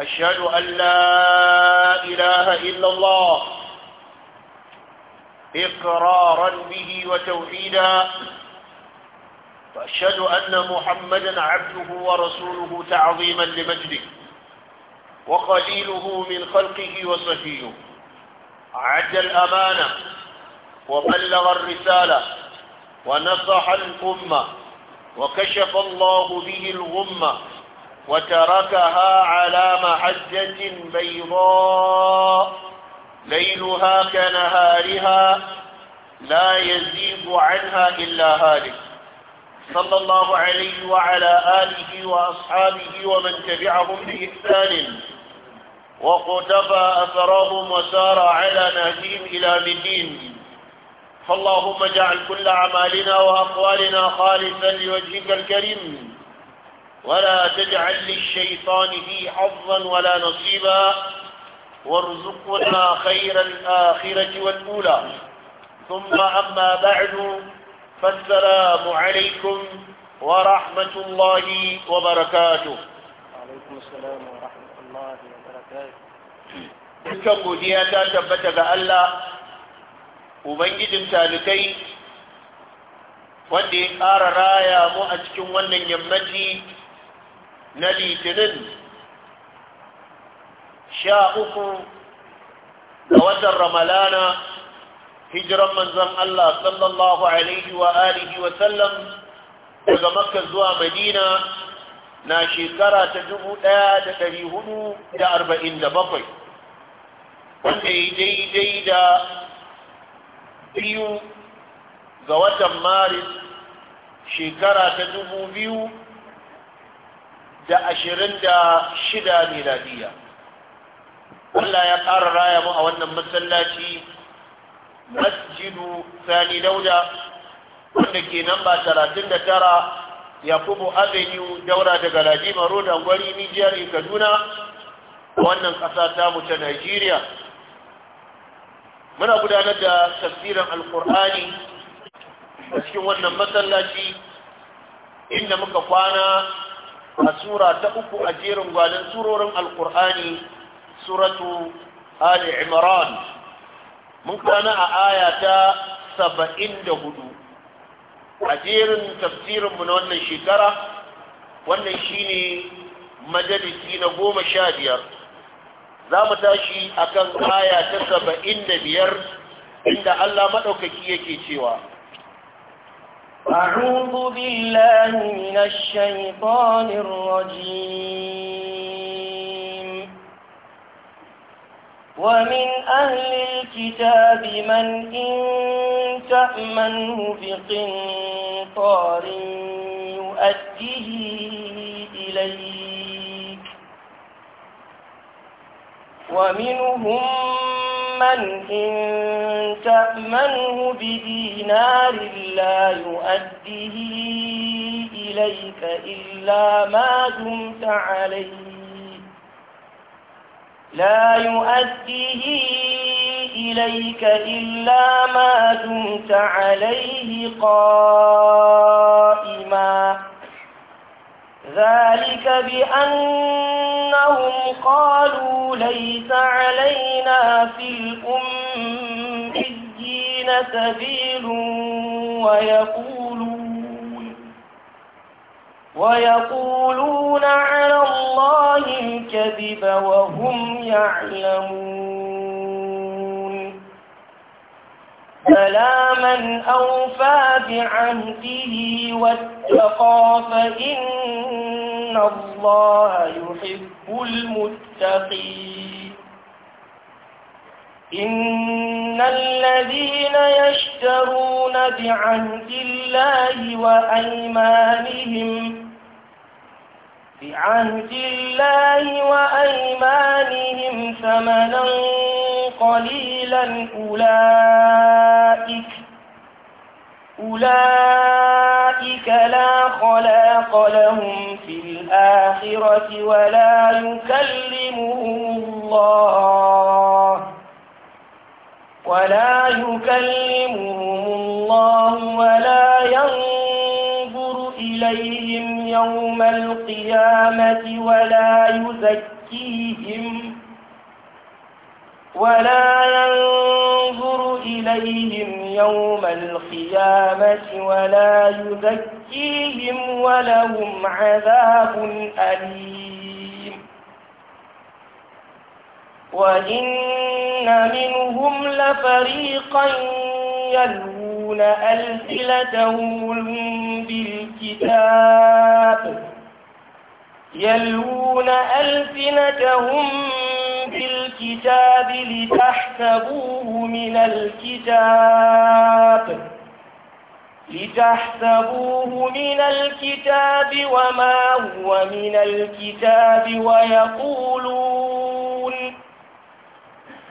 أشهد أن لا إله إلا الله إقرارا به وتوحيدا وأشهد أن محمدا عبده ورسوله تعظيما لمجده وقليله من خلقه وصفيه عد الأمانة وبلغ الرسالة ونصح الأمة وكشف الله به الغمة وتركها على محجة بيضاء ليلها كنهارها لا يزيد عنها إلا هالك صلى الله عليه وعلى آله وأصحابه ومن تبعهم بإحسان وقتفى أثرهم وسار على نهجهم إلى مدين فاللهم اجعل كل أعمالنا وأقوالنا خالصا لوجهك الكريم ولا تجعل للشيطان في حظا ولا نصيبا وارزقنا خير الآخرة والأولى ثم أما بعد فالسلام عليكم ورحمة الله وبركاته وعليكم السلام ورحمة الله وبركاته dukkan godiya ta tabbata ga Allah ubangijin talikai wanda ya ƙara raya mu a cikin wannan yammaci na litinin sha uku da watan ramalana hijiran manzan Allah sallallahu alaihi wa alihi wa sallam daga makka zuwa madina na shekara ta dubu ɗaya da ɗari hudu da arba'in da bakwai wanda ya daidai da biyu ga watan maris shekara ta dubu biyu da ashirin da shida miladiya Allah ya ƙara raya mu a wannan masallaci masjidu sani dauda wanda ke nan ba talatin da tara yakubu avenue daura daga ladima road angwari nijiyar kaduna wannan ƙasa ta mu ta nigeria muna gudanar da tafsirin alkur'ani a cikin wannan masallaci inda muka kwana a sura ta uku a jerin gwanin surorin alkur'ani suratu ali imran mun kana a aya ta saba'in da hudu a jerin tafsirinmu na wannan shekara wannan shine majalisi na goma sha biyar za mu tashi akan aya ta saba'in da biyar inda allah maɗaukaki yake cewa أعوذ بالله من الشيطان الرجيم ومن أهل الكتاب من إن تأمنه بقنطار يؤديه إليك ومنهم من إن تأمنه بدينار لا يؤديه إليك إلا ما دمت عليه لا يؤديه إليك إلا ما دمت عليه قائماً ذلك بأنهم قالوا ليس علينا في الأميين سبيل ويقولون ويقولون على الله الكذب وهم يعلمون فلا أوفى بعهده واتقى فإن الله يحب المتقين إن الذين يشترون بعهد الله وأيمانهم بعهد الله وأيمانهم ثمنا قليلا أولئك أولئك لا خلاق لهم في الآخرة ولا يكلمهم الله ولا يكلمهم الله ولا ينظر إليهم يوم القيامة ولا يزكيهم ولا ينظر إليهم يوم القيامة ولا يزكيهم ولهم عذاب أليم وإن منهم لفريقا يلوون ألسنتهم بالكتاب يلون ألسنتهم بالكتاب لتحسبوه من الكتاب لتحسبوه من الكتاب وما هو من الكتاب ويقولون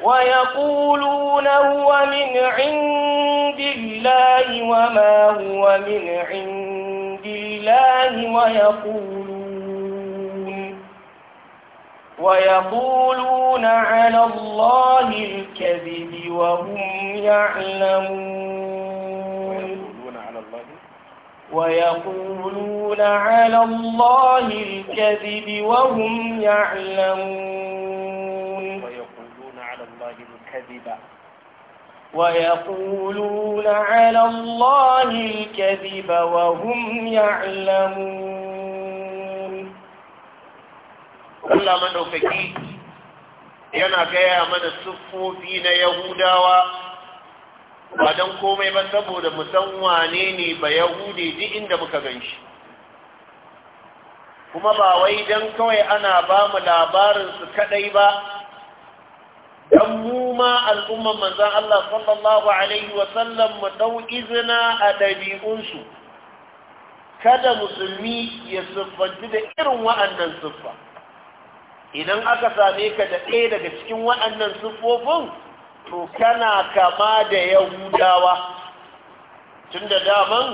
ويقولون هو من عند الله وما هو من عند الله ويقولون ويقولون على الله الكذب وهم يعلمون ويقولون على الله الكذب وهم يعلمون الله الكذب ويقولون على الله الكذب وهم يعلمون الله من أفكي yana gaya mana siffofi na yahudawa ba don komai ba saboda musan ne ba yahudi duk inda muka gan shi kuma ba wai don kawai ana ba mu labarinsu kaɗai ba dan mu ma al'umman manzon Allah sallallahu alaihi wa sallam mu dau a dabi'unsu kada musulmi ya siffanci da irin wa'annan siffa idan aka same ka da ɗaya daga cikin wa'annan siffofin to kana kama da yahudawa Tunda daman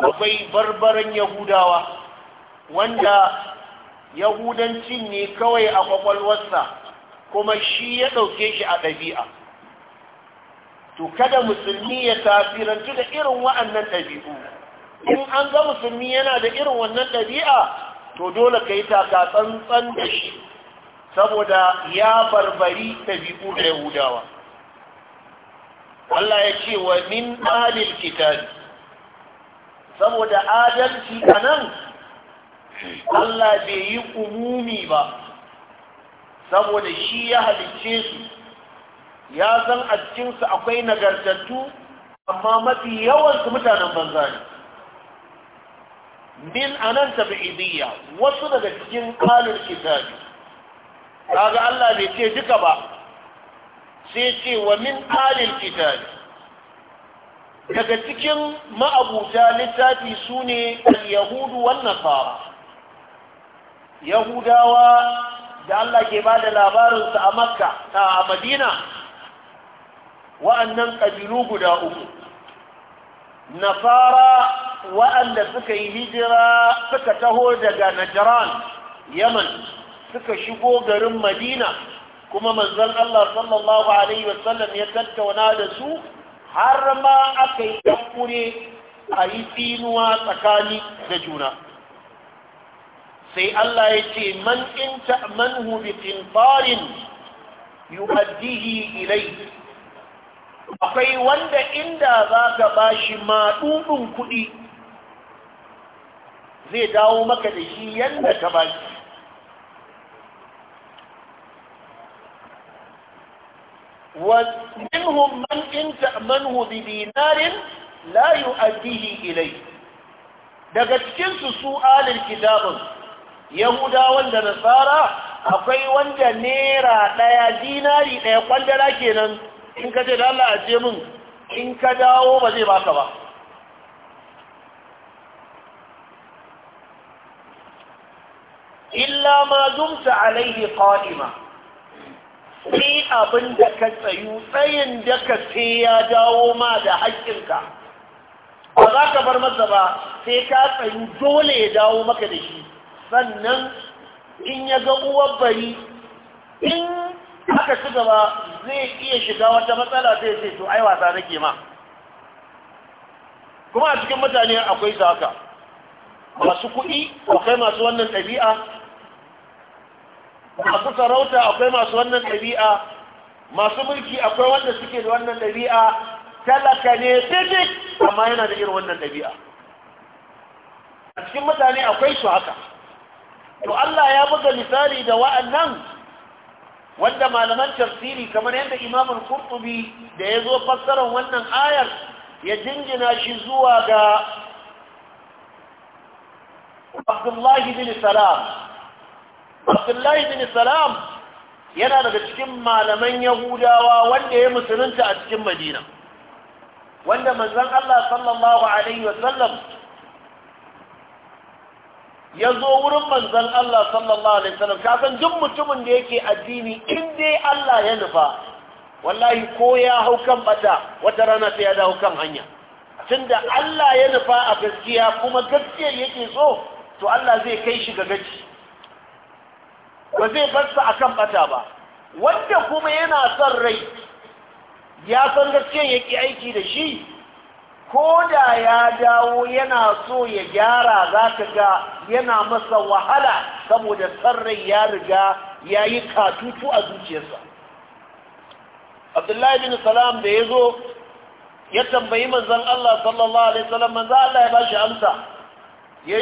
akwai barbaran yahudawa wanda yahudancin ne kawai a kwakwalwarsa kuma shi ya ɗauke shi a ɗabi'a to kada musulmi ya tafirantu da irin wa'annan ɗabi'u in an ga musulmi yana da irin wannan ɗabi'a to dole ka yi taka tsantsan da shi saboda ya barbari ɗabi'u da yahudawa Allah ya ce wa min ahlil kitabi saboda adalci anan Allah bai yi umumi ba saboda shi ya halicce su ya san a cikinsu akwai nagartattu amma mafi yawansu mutanen banza ne min anan tabi'idiyya wasu daga cikin alul kitabi kaga Allah bai ce duka ba sai ce wa min alil kitabi daga cikin ma'abuta littafi sune ne yahudu wannan fara. yahudawa da Allah ke ba da labarinsa a makka a madina wa'annan ƙabilu guda uku nasara wa'anda suka yi hijira suka taho daga najaran yaman suka shigo garin madina kuma manzon Allah sallallahu alaihi wasallam ya tattauna da su har ma aka yi ɗan a yi tsinuwa tsakani da juna sai Allah ya ce man in ta'manhu bi qintarin yu'addihi ilayhi akwai wanda inda zaka bashi madudun kuɗi zai dawo maka da shi yanda ka bashi ومنهم من إن تأمنه بدينار لا يؤديه إليه daga cikinsu su alin kitabin yahudawan na nasara akwai wanda nera ɗaya dinari ɗaya kwandala kenan in ka ce da Allah a ce in ka dawo ba zai baka ba illa ma dumta alaihi qa'ima sai abin da ka tsayu tsayin da ka sai ya dawo ma da haƙƙinka ba za ka bar masa ba sai ka tsayu dole ya dawo maka da shi sannan in ya ga uwar bari in aka ci gaba zai iya shiga wata matsala zai ce to ai wasa nake ma kuma a cikin mutane akwai haka. masu kuɗi akwai masu wannan ɗabi'a masu sarauta akwai masu wannan ɗabi'a masu mulki akwai wanda suke da wannan ɗabi'a talaka ne fitik amma yana da irin wannan ɗabi'a a cikin mutane akwai su haka to Allah ya buga misali da wa'annan wanda malaman tafsiri kamar yadda Imam al-Qurtubi da yazo fassarar wannan ayar ya jingina shi zuwa ga Abdullah bin Salam Abdullah Salam yana daga cikin malaman Yahudawa wanda ya musulunta a cikin Madina wanda manzon Allah sallallahu alaihi wasallam ya zo wurin manzan Allah sallallahu alaihi wasallam ka san duk mutumin da yake addini in dai Allah ya nufa wallahi ko ya hau kan bata wata rana sai ya dawo kan hanya tunda Allah ya nufa a gaskiya kuma gaskiya yake so to Allah zai kai shi ga gaci ba zai bar a kan bata ba wanda kuma yana son rai ya san gaskiya yake aiki da shi ko da ya dawo yana so ya gyara za ka ga yana masa wahala saboda sarrai ya riga ya yi katutu a zuciyarsa abdullahi bin salam da ya zo ya tambayi manzan Allah sallallahu alaihi wasallam manzan Allah ya ba shi amsa ya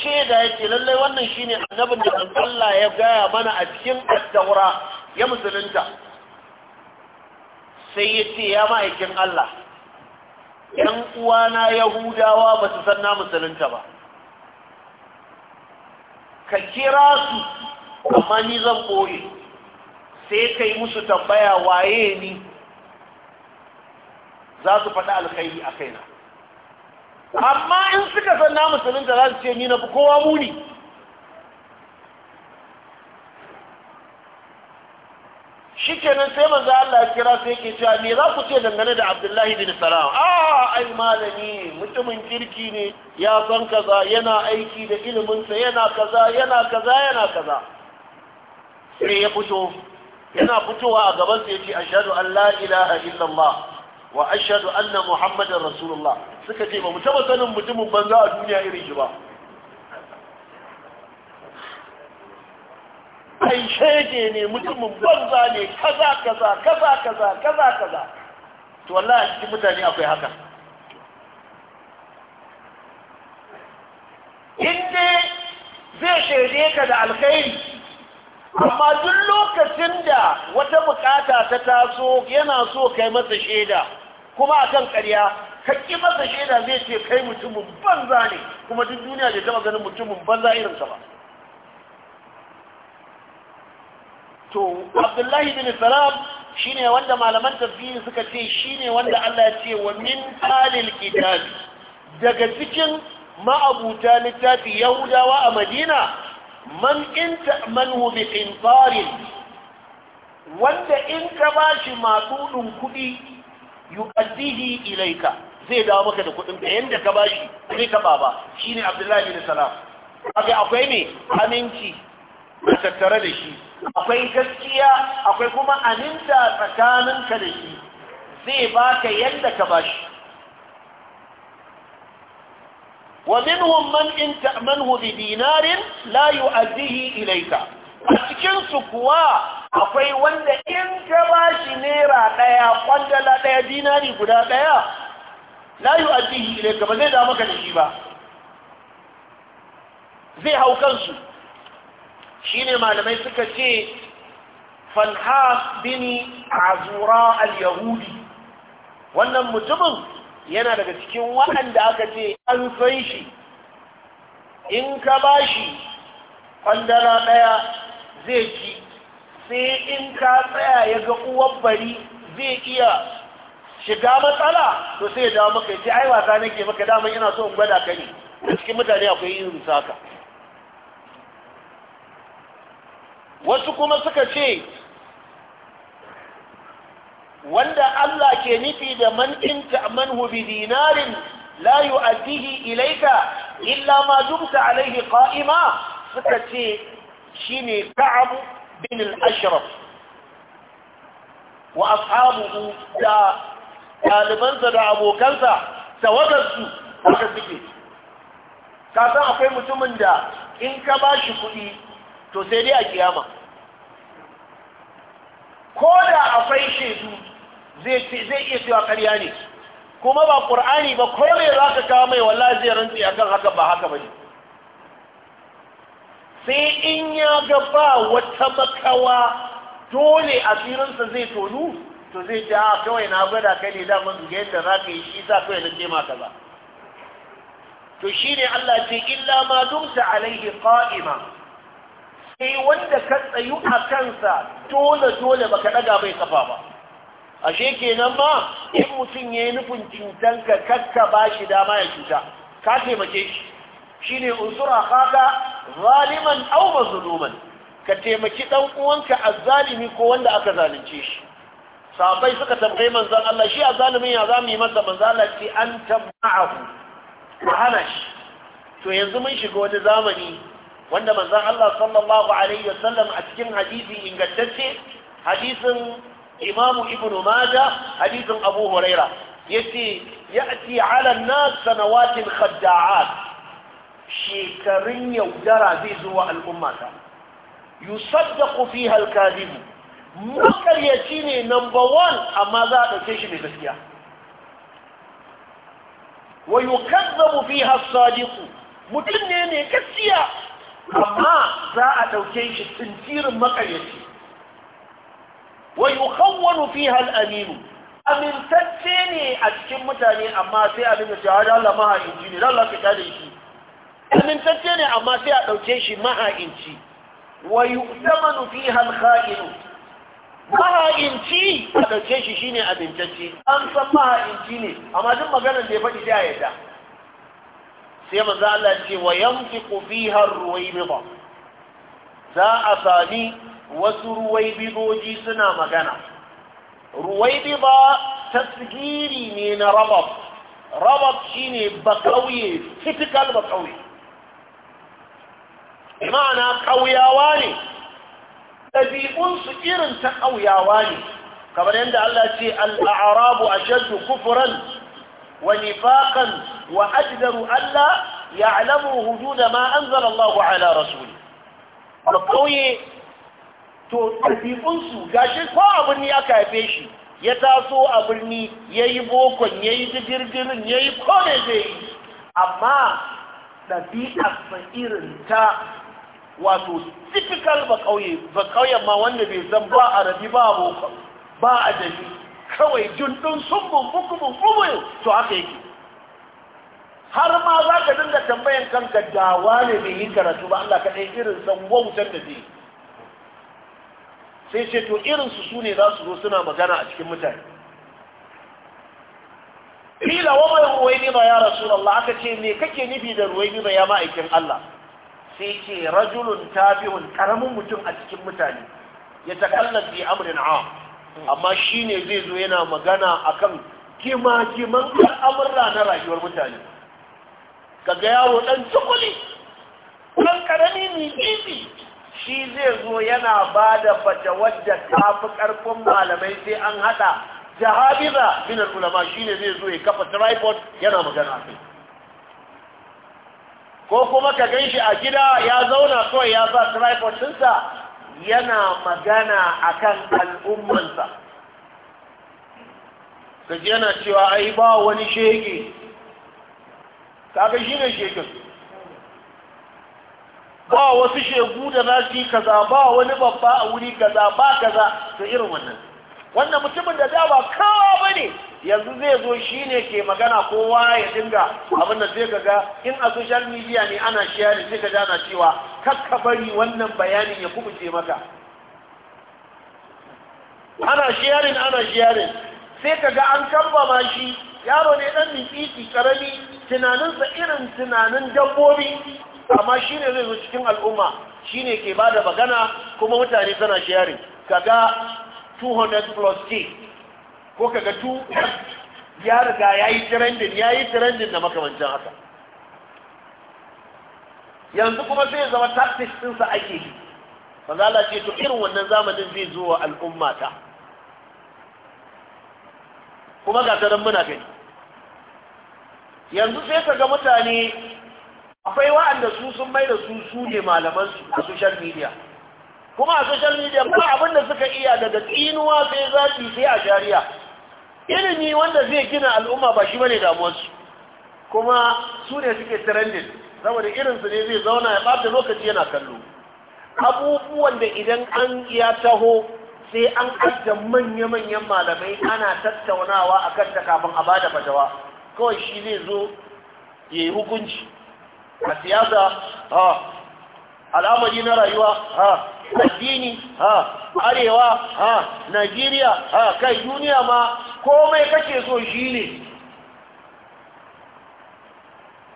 shaida ya ce lallai wannan shine annabin da Allah ya gaya mana a cikin daura ya musulunta sai ya ce ya ma'aikin Allah ‘yan uwana Yahudawa ba su san na musulunta ba, ka kira su amma ni zan ɓoye, sai ka yi musu tambaya waye ni za su faɗi alkhairi a kaina. Amma in suka san na musulunta za su ce ni na fi kowa muni. shikenan sai manzo Allah ya kira sai yake cewa me za ku ce dangane da Abdullahi bin Salam ah ai malami mutumin kirki ne ya san kaza yana aiki da ilimin sa yana kaza yana kaza yana kaza sai ya fito yana fitowa a gaban sa yace ashhadu an la ilaha illallah wa ashhadu anna muhammadar rasulullah suka ce ba mu taba sanin mutumin banza a duniya irin shi ba kai shege ne mutumin banza ne kaza kaza kaza kaza kaza kaza to wallahi cikin mutane akwai haka in zai shege ka da alkhairi amma duk lokacin da wata bukata ta taso yana so kai masa shaida kuma akan ƙarya ka masa shaida zai ce kai mutumin banza ne kuma duk duniya zai taɓa ganin mutumin banza irinsa ba to abdullahi bin salam ne wanda malaman tafiye suka ce shine wanda Allah ya ce wa min alil kitab daga cikin ma'abuta littafi yahudawa a madina man in ta'manhu bi qintarin wanda in ka bashi matsudin kuɗi yuqaddihi ilaika zai dawo maka da kuɗin Da yanda ka bashi zai ka baba shine abdullahi bin salam kaga akwai ne aminci tattare da shi akwai gaskiya akwai kuma aminta tsakaninka da shi zai ba ka yadda ka ba shi wa minhum man in dinarin la yu'addihi ilayka a cikin su kuwa akwai wanda in ka bashi naira ɗaya, kwandala ɗaya, dinari guda ɗaya, la yu'addihi ilayka ba zai da maka da shi ba zai hau kansu shine malamai suka ce falha Bini azura al-yahudi wannan mutumin yana daga cikin waɗanda aka ce an san shi in ka ba shi ƙwandara ɗaya zai ci sai in ka tsaya ya ga uwar bari zai iya shiga matsala to sai ya dawo maka ya ce ai wasa nake maka daman ina so in gwada ka ne a cikin mutane akwai yin saka wasu kuma suka ce wanda Allah ke nufi da man inta manhu bi dinarin la yu'addihi ilayka illa ma dumta alayhi qa'ima suka ce shine Ka'ab bin al-Ashraf wa ashabuhu da ɗalibansa da abokansa tawagarsu suka ka san akwai mutumin da in ka ba shi kuɗi to sai dai a kiyama ko da akwai shaidu zai iya cewa karya ne kuma ba ƙur'ani ba ko mai za ka kawo mai wallahi zai rantsi akan haka ba haka ba sai in ya ga ba wata makawa dole asirinsa zai tonu to zai ce a ah, kawai na gwada kai ne damar ga yadda za ka yi shi za kawai na tema maka ba to shi ne Allah ce illa ma dumta alaihi ka'ima sai wanda ka tsayu a kansa dole dole baka daga bai kafa ba ashe kenan ma in mutum ya yi nufin cutanka kakka ba shi dama ya cuta ka taimake shi shine unsura kaka zaliman aw mazluman ka taimaki dan uwanka zalimi ko wanda aka zalunce shi sahabbai suka tambaye manzon Allah shi zalimin ya zamu yi masa manzon Allah ce an tabahu hana shi to yanzu mun shiga wani zamani wanda manzon Allah sallallahu alaihi wasallam a cikin hadisi ingantacce hadisin Imam Ibn Mada, hadisin Abu Huraira yace ya'ti 'ala an-nas sanawatin khadda'at shekarun yaudara zai zo wa al'ummata yusaddaqu fiha al-kadhib makaryaci ne number one amma za a ɗauke shi mai gaskiya wa yukazzabu fiha as-sadiq mutum ne ne gaskiya amma za a ɗauke shi tsintirin makaryaci wa yukhawwanu fiha al-aminu amintacce ne a cikin mutane amma sai a dinga cewa da Allah maha'inci ne Allah ka kada shi amintacce ne amma sai a ɗauke shi maha'inci wa yu'tamanu fiha al-kha'inu maha'inci a ɗauke shi shine amintacce an san maha'inci ne amma duk maganar da ya faɗi sai a yadda sai manzo Allah ce wa har Ruwai Biba. za a sami wasu ruwaybidoji suna magana Biba tasgiri ne na rabab rabab shine bakauye typical bakauye ma'ana ƙauyawa ne ɗabi'unsu irin ta ƙauyawa ne kamar yadda Allah ce al a shaddu kufuran ونفاقا وأجدر ألا يعلموا وجود ما أنزل الله على رسوله القوي tafifinsu gashi ko abin aka kafe shi ya taso a birni ya yi bokon ya yi jirgirin ya yi kone zai yi amma irin ta wato typical ba ƙauye ba ƙauyen ma wanda bai zan ba a ba bokon ba a kawai jundun sun bumbuku bumbuku to haka yake har ma za ka dinga tambayan kanka dawa ne bai yi karatu ba Allah ka kaɗai irin san wautar da zai sai ce to irin su su ne za su zo suna magana a cikin mutane Ila wa mai ba ya Allah aka ce me kake nufi da ruwai ba ya ma'aikin Allah sai ce rajulun tabihun karamin mutum a cikin mutane ya takallan bi amrin am amma shi ne zai zo yana magana akan kima-kiman al'amurra na rayuwar mutane ka ga yawo ɗan cikuli ɗan ƙarami mai shi zai zo yana ba da fata wadda ta fi ƙarfin malamai sai an haɗa jahabiza minar ulama shi ne zai zo ya kafa tripod yana magana sai ko kuma ka gan shi a gida ya zauna kawai ya sa tripod ɗinsa yana magana akan al'ummansa kaji yana cewa ai ba wani shege kaga shi ne shegen ba wasu shegu da za su yi kaza ba wani babba a wuri kaza ba kaza to irin wannan wannan mutumin da dawa kawa ba ne yanzu zai zo shi ne ke magana kowa ya dinga abin da zai kaga in a social media ne ana sharing zai ka ana cewa kakka bari wannan bayanin ya kubuce maka ana sharing ana sharing sai ka ga an kambama shi yaro ne dan mitsitsi karami tunaninsa irin tunanin dabbobi amma shi ne zai zo cikin al'umma shi ne ke ba da magana kuma mutane suna sharing kaga 200 plus k ko kaga 2 ya riga ya yi trending ya yi trending na makamancin haka yanzu kuma zai zama tactics ɗinsa ake yi fazala ce to irin wannan zamanin zai zo wa al'umma ta kuma ga taron muna gani yanzu sai ka ga mutane akwai wa'anda su sun mai da su su ne malamansu a social media kuma a social media ba abin da suka iya daga tsinuwa sai zafi sai a shari'a ilimi wanda zai gina al'umma ba shi bane damuwarsu kuma su ne suke trending saboda irinsu ne zai zauna ya ɓata lokaci yana kallo abubuwan da idan an ya taho sai an adda manya-manyan malamai ana tattaunawa a kan ta kafin a bada fatawa kawai shi zai zo ya yi hukunci a siyasa ha al'amari na rayuwa ha addini ha arewa ha najeriya ha kai duniya ma komai kake so shi ne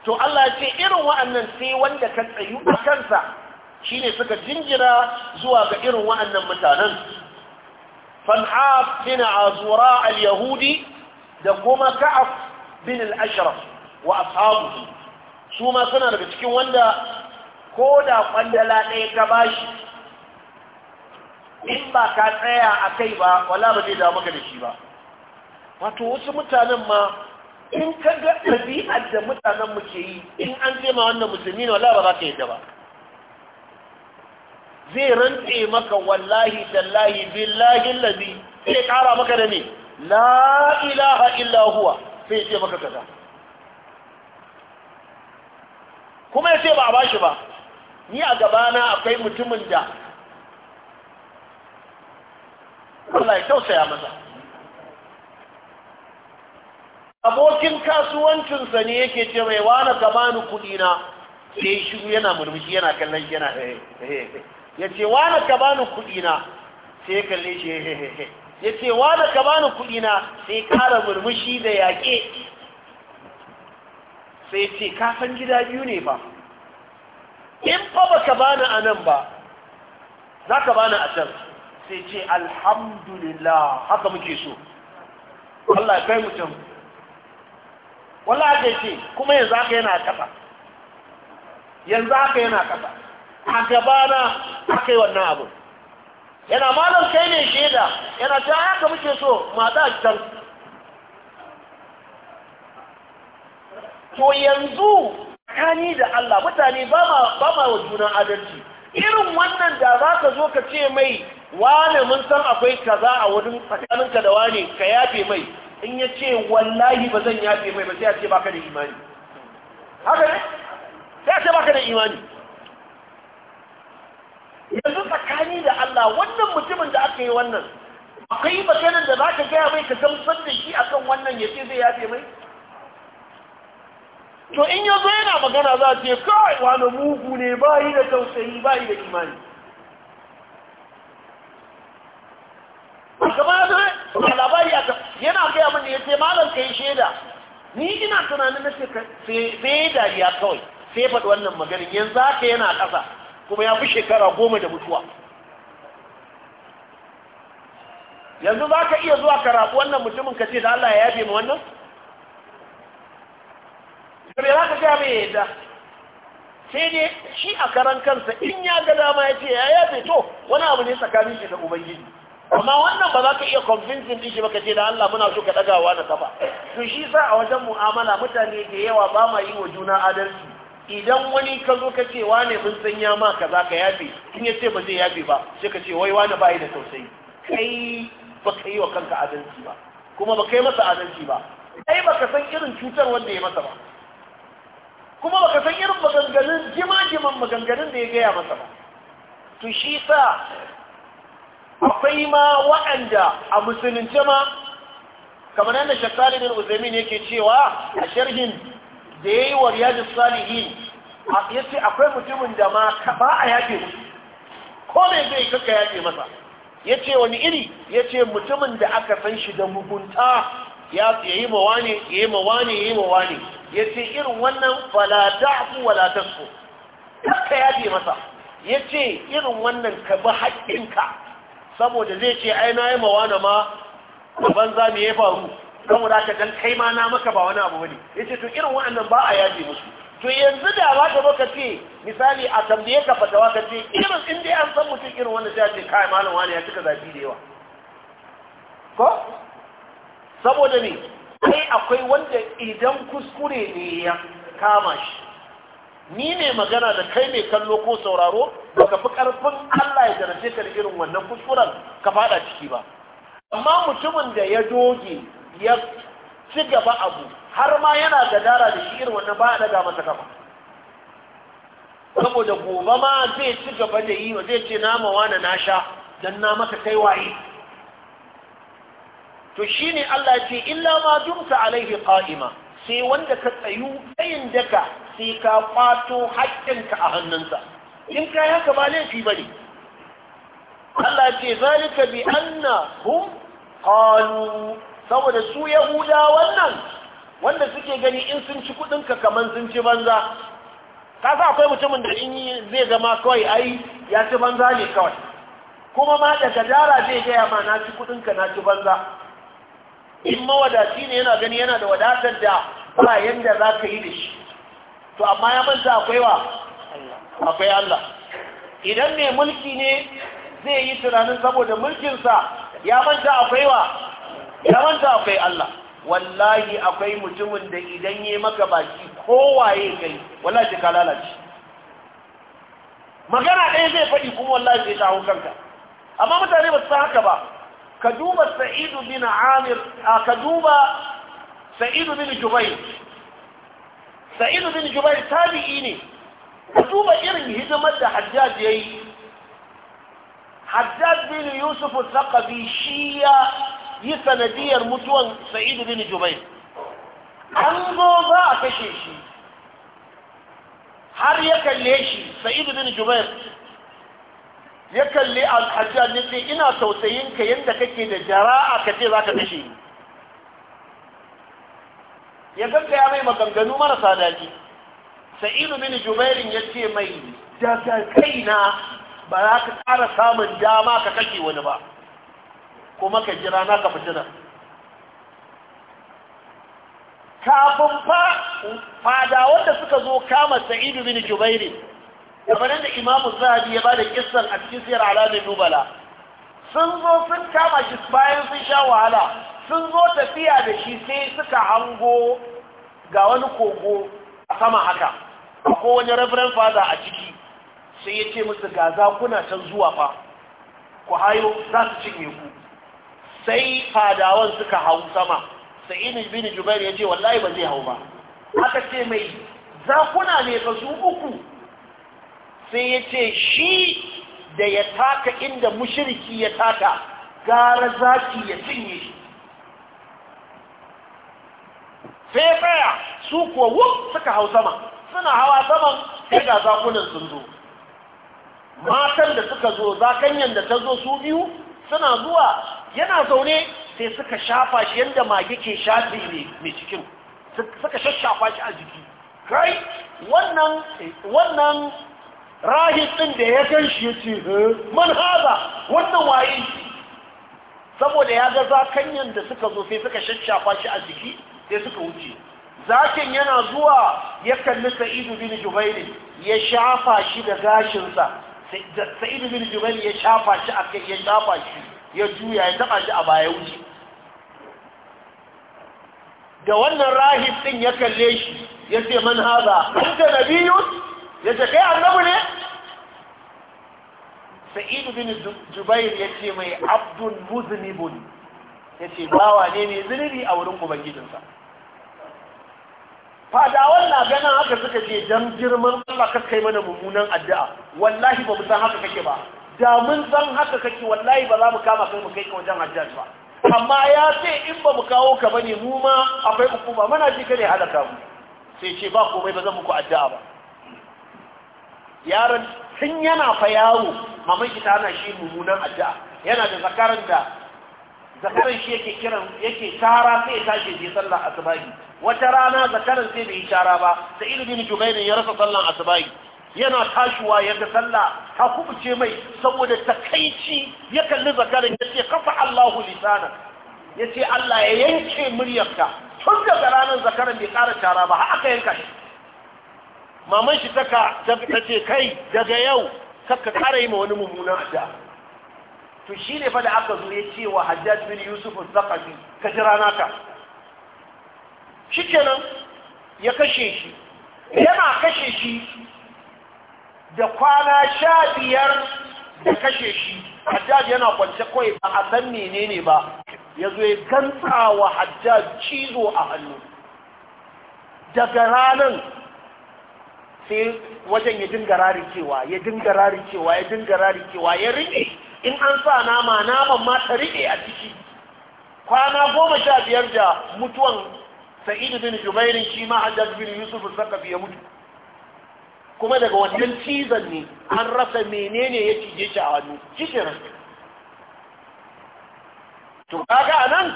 to Allah ce irin wa'annan sai wanda ka tsayu a kansa shi ne suka jingira zuwa ga irin wa'annan mutanen fan'af bin azura al-yahudi da kuma ka'af bin al-ashraf wa ashabu su ma suna daga cikin wanda ko da kwandala ɗaya ka bashi in ba ka tsaya a kai ba wala ba zai damu ka da shi ba wato wasu mutanen ma in ka ga ɗabi'ar da mutanen mu ke yi in an ce ma wannan musulmi ne wallahi ba za ka yadda ba zai rantse maka wallahi tallahi billahi lazi sai kara maka da ne la ilaha illa huwa sai ce maka kaza kuma ya ce ba a bashi ba ni a gabana akwai mutumin da Allah ya tausaya masa abokin kasuwancinsa ne yake ce mai wani kudi na sai shi yana murmushi yana kallon yana ya ce wani kudi na sai kalle shi hehehe ya ce wani kudi na sai kara murmushi da yaƙe sai ce san gida biyu ne ba in fa ba ka bani a nan ba za ka bani a can sai ce alhamdulillah haka muke so Allah ya kai mutum wala aka ce kuma yanzu haka yana kasa yanzu haka yana kasa a gabana aka yi wannan abu yana malam kai ne shaida yana ta haka muke so mata a can to yanzu kani da Allah mutane ba ma wa juna adalci irin wannan da za ka zo ka ce mai wane mun san akwai kaza a wurin tsakaninka da wane ka yafe mai in ya ce wallahi ba zan yafe mai ba sai a ce baka da imani haka ne sai a ce baka da imani yanzu tsakani da Allah wannan mutumin da aka yi wannan akwai maganar da za ka gaya mai ka gamsar da shi akan wannan ya ce zai yafe mai to in yanzu yana magana za a ce kawai wani mugu ne bayi da tausayi bayi da imani a gaba na labari a yana gaya min da ya ce malam kai shaida ni ina tunanin na ce sai dariya kawai sai faɗi wannan maganin yanzu haka yana ƙasa kuma ya fi shekara goma da mutuwa yanzu za ka iya zuwa karabu wannan mutumin ka ce da Allah ya yafe mu wannan? Gabe za ka gaya mai yadda sai dai shi a karan kansa in ya ga dama ya ce ya yafe to wani abu ne tsakanin shi da Ubangiji. amma wannan ba za ka iya convincing din shi ba ce da Allah muna so ka dagawa na kafa to shi sa a wajen mu'amala mutane da yawa ba ma yi wa juna adalci idan wani ka zo ka ce wane mun san ya ma kaza ka yafe in ya ce ba zai yafe ba sai ka ce wai wane ba yi da tausayi kai ba ka yi wa kanka adalci ba kuma ba kai masa adalci ba kai ba ka san irin cutar wanda ya masa ba kuma ba ka san irin maganganun jima-jiman maganganun da ya gaya masa ba to shi sa akwai ma waɗanda a musulunce ma kamar yadda shakali da uzamin yake cewa a sharhin da ya yi wa riyadu salihin ya ce akwai mutumin da ma ba a yafe musu ko ne zai kaka yaƙe masa ya ce wani iri ya ce mutumin da aka san shi da mugunta ya yi mawane. ya yi mawa ne ya yi mawa ne ya ce irin wannan falata'afu walatasku kaka yaƙe masa ya ce irin wannan ka bi haƙƙinka saboda zai ce ai na yi mawa wani ma gaban za mu yi faru saboda aka dan kai ma na maka ba wani abu bane yace to irin waɗannan ba a yaje musu to yanzu da ba ka baka ce misali a tambaye ka fatawa ka ce irin in dai an san mutum irin wanda sai ce kai malam wani ya cika zafi da yawa ko saboda ne kai akwai wanda idan kuskure ne ya kama shi ni ne magana da kai mai kallo ko sauraro baka fi karfin Allah ya jarabe ka da irin wannan kuskuren ka fada ciki ba amma mutumin da ya doge ya ci gaba abu har ma yana gadara da shi irin wannan ba a daga masa kafa saboda gobe ma zai ci gaba da yi zai ce nama wani na sha dan na maka kai waye to shine Allah ya ce illa ma dumta alaihi qa'ima sai wanda ka tsayu tsayin daka sai ka kwato haƙƙinka a hannunsa in ka haka ba laifi ba ne Allah ce zalika bi anna hum qalu saboda su yahuda wannan wanda suke gani in sun ci kudin ka kaman sun ci banza ka sa akwai mutumin da in zai zama kawai ai ya ci banza ne kawai kuma ma da gadara zai gaya ma na ci kudin na ci banza in mawadaci ne yana gani yana da wadatar da ba yanda za ka yi da shi to amma ya manta akwai wa akwai Allah idan mai mulki ne zai yi tunanin saboda mulkinsa ya manta akwai wa ya manta akwai Allah wallahi akwai mutumin da idan yi maka baki kowaye kai wallahi ka lalace magana ɗaya zai faɗi kuma wallahi zai taho kanka amma mutane ba su san haka ba ka duba sa'idu bin amir ka duba sa'idu bin jubair sa'idu bin jubair tabi'i ne Ka duba irin hidimar da hajjaj ya yi hajjaj bin yusuf al-thaqabi shi ya yi sanadiyar mutuwan Sa'idu bin jubair an zo za a kashe shi har ya kalle shi sa'id bin jubair ya kalli al-hajjaj ne ina tausayin ka yadda kake da jara'a ka ce za ka kashe ya gaggaya mai maganganu marasa daji sa'idu bin jubairin ya ce mai daga kaina ba za ka ƙara samun dama ka kashe wani ba kuma ka jira na ka fitina kafin fada wanda suka zo kama sa'idu bin jubairin kamar da imamu zabi ya ba da kissan a cikin siyar alamin nubala sun zo sun kama shi bayan sun sha wahala sun zo tafiya da shi sai suka hango ga wani kogo sama haka ko wani reverend father a ciki sai ya ce musu ga za kuna can zuwa fa ku hayo za su cinye ku sai fadawan suka hau sama sai ini bini, jubair ya ce wallahi ba zai hau ba aka ce mai za kuna ne ka su uku sai ya ce shi da ya taka inda mushiriki ya taka gara zaki ya cinye shi sai tsaya su kuwa wuf suka hau sama suna hawa saman sai ga zakunan sun zo matan da suka zo zakanyan da ta zo su biyu suna zuwa yana zaune sai suka shafa shi yadda mage ke shafi ne mai cikin suka shashafa shi a jiki kai wannan rahis ɗin da ya gan shi ya ce man haza wannan waye saboda ya ga zakanyan da suka zo sai suka shashafa shi a jiki sai suka wuce zakin yana zuwa ya kalli sa'idu bin jubairi ya shafa shi da gashinsa sa'idu bin jubairi ya shafa shi a kai ya shafa shi ya juya ya taba shi a baya wuce da wannan rahib din ya kalle shi ya ce man haza ga nabiyun ya ce kai annabi ne sa'idu bin jubair ya ce mai abdul muznibun ya ce bawa ne mai zunubi a wurin ubangijinsa fadawan na ganin haka suka ce don girman Allah ka kai mana mummunan addu'a wallahi ba mu san haka kake ba da mun san haka kake wallahi ba za mu kama kai mu kai ka wajen hajjaj ba amma ya ce in ba mu kawo ka bane mu ma akwai hukuma mana ji kare halaka mu sai ce ba komai ba zan muku addu'a ba yaron tun yana fa yaro maman ki ana shi mummunan addu'a yana da zakaran da zakaran shi yake kiran yake tara sai ya tashi je sallah asubahi wata rana zakaran sai bai tara ba da ilimin jubair ya rasa sallar asubahi yana tashuwa ya ga sallah ta kubuce mai saboda takaici ya kalli zakaran ya ce kafa Allahu lisana ya ce Allah ya yanke muryarka tun daga ranar zakaran bai ƙara tara ba har aka yanka shi maman shi ta ce kai daga yau kakka ƙara yi ma wani mummunan addu'a to shi ne fa da aka zo ya ce wa hajjaj bin yusuf zakafi ka jira naka shi kenan ya kashe shi yana kashe shi da kwana sha biyar da kashe shi hajjaj yana kwance kawai ba a san menene ba ya zo ya gantsa wa hajjaj cizo a hannu daga ranar sai wajen ya dinga rari cewa ya dinga rari cewa ya dinga rari cewa ya rike in an sa nama naman ma ta riƙe a ciki kwana goma sha biyar da mutuwan sa'idu bin jubairin shi ma hajjaj bin yusuf sakafi ya mutu kuma daga wannan cizon ne an rasa menene ya cije shi a hannu cikin to kaga a nan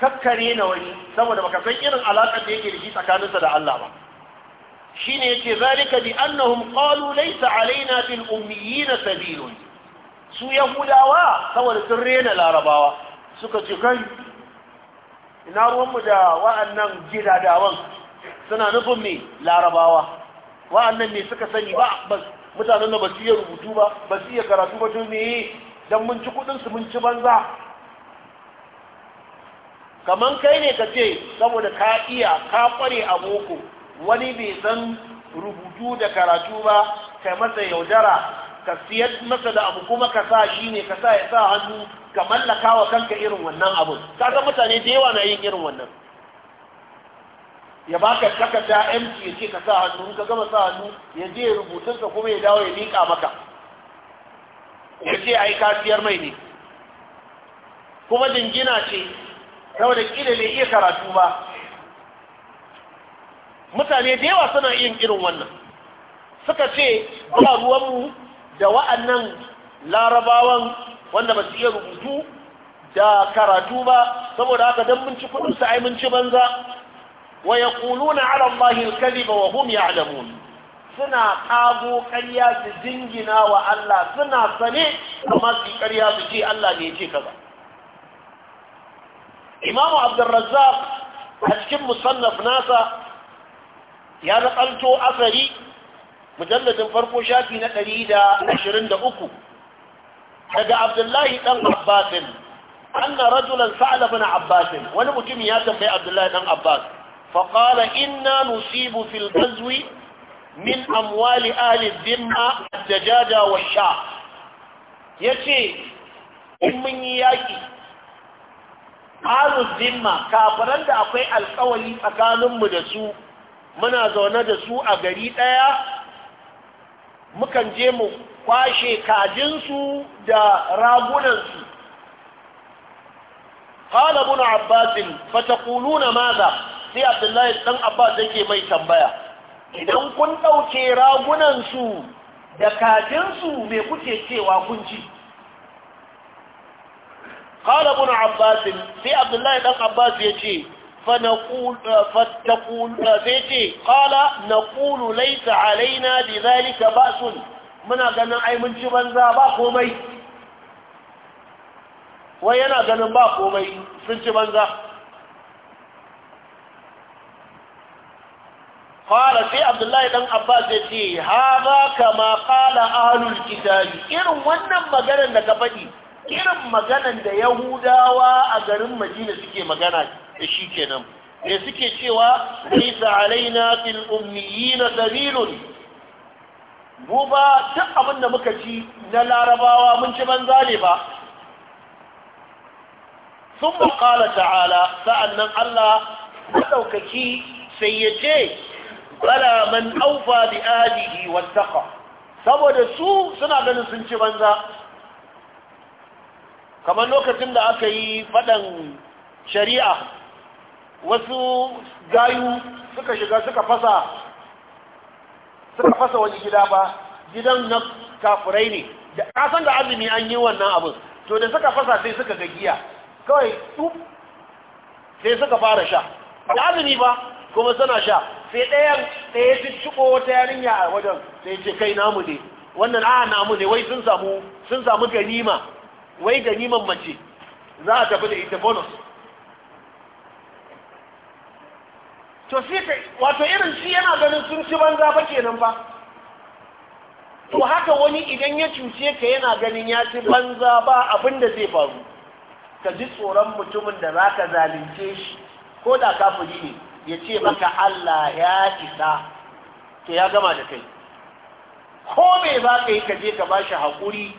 kakkare na wani saboda baka san irin alaƙar da yake da shi tsakaninsa da Allah ba shine yake zalika bi annahum qalu laysa alaina bil ummiyina sabilun su yahudawa saboda sun rena larabawa suka ce kai ina ruwanmu da wa'annan gidadawan suna nufin ne larabawa wa'annan ne suka sani ba mutanen da ba su iya rubutu ba ba su iya karatu ba tun ne don mun ci kudinsu mun ci banza Kamar kai ne ka ce saboda ka iya ka kware a boko wani bai san rubutu da karatu ba kai masa yaudara ka siyar masa da abu kuma ka sa shi ne ka sa ya sa hannu ka mallaka wa kanka irin wannan abun ka san mutane da yawa na yin irin wannan ya baka takarda empty ya ce ka sa hannu ka gama sa hannu ya je rubutunsa kuma ya dawo ya miƙa maka ya ce ai ka siyar mai ne kuma dingina ce saboda kila bai iya karatu ba mutane da yawa suna yin irin wannan suka ce ba ruwanmu da wa'annan larabawan wanda ba su iya rubutu da karatu ba saboda haka don mun ci kudin ai mun ci banza wa yaquluna ala allahi alkadhiba wa hum ya'lamun suna kago ƙarya su jingina wa Allah suna sane amma su karya su ce Allah ne ce kaza Imam Abdurrazzaq a cikin musannaf nasa ya nakalto asari mujalladin farko shafi na 123 daga abdullahi dan abbasin anna rajulan sa'ala bin abbasin wani mutum ya tambayi abdullahi dan abbas faqala inna nusibu fil ghazwi min amwali ahli dhimma ad-dajaja wash-sha yace in mun yi yaki ahli dhimma kafaran da akwai alƙawari tsakaninmu da su muna zaune da su a gari ɗaya mukan je mu kwashe kajinsu da ragunansu قال ابن عباس فتقولون ماذا sai Abdullahi dan Abbas yake mai tambaya idan kun dauke ragunan su da kajin su me kuke cewa kun ci قال ابن عباس sai Abdullahi dan Abbas yace فنقول فتقول فيتي قال نقول ليس علينا بذلك بأس muna ganin ai mun ci banza ba komai wai yana ganin ba komai sun ci banza fara sai abdullahi dan abbas ya ce haza kama kala ahlul kitabi irin wannan maganar da ka faɗi irin maganar da yahudawa a garin Majina suke magana da shi kenan da suke cewa laisa alaina fil ummiyina sabilun mu ba duk abin da muka ci na larabawa mun ci banza ne ba sun qala ta'ala sa'annan Allah ɗaukaki sai ya ce bala man aufa bi adihi wattaqa saboda su suna ganin sun ci banza kamar lokacin da aka yi faɗan shari'a wasu gayu suka shiga suka fasa suka fasa wani gida ba gidan na kafurai ne da kasan da azumi an yi wannan abin to da suka fasa sai suka ga giya kawai ɗu sai suka fara sha da azumi ba kuma suna sha sai ɗayan ɗaya ta ciko wata yarinya a wajen sai ce kai namu ne wannan a ah, namu ne wai samu sun samu ganima wai ganiman mace za a tafi da ita bonus to shi ka wato irin shi yana ganin sun ci banza fa kenan fa to haka wani idan ya cuce ka yana ganin ya ci banza ba abin da zai faru ka ji tsoron mutumin da zaka zalunce shi ko da fuji ne ya ce maka Allah ya isa to ya gama da kai ko me za ka yi ka je ka ba shi haƙuri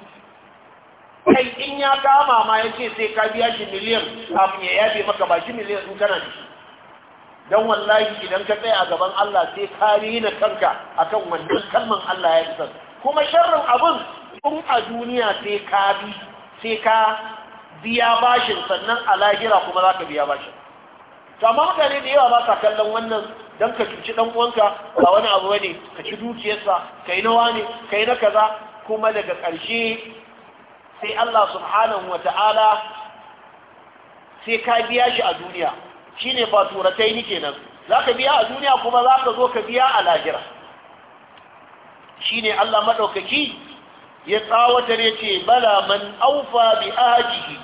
kai in ya kama ma ya ce sai ka biya shi miliyan kafin ya yabe maka ba shi miliyan in kana da shi don wallahi idan ka tsaya a gaban Allah sai ka rena kanka akan wannan kalman Allah ya isa kuma sharrin abin tun a duniya sai ka bi sai ka biya bashin sannan a lahira kuma za ka biya bashin amma mutane da yawa ba sa kallon wannan don ka cuci dan uwanka ba wani abu ne ka ci dukiyarsa kai na ka yi na kaza kuma daga ƙarshe sai Allah subhanahu wa ta'ala sai ka biya shi a duniya shine faturatai ni kenan zaka biya a duniya kuma za ka zo ka biya a Shi ne Allah maɗaukaki. ya tsawatar yace bala man aufa bi ahdihi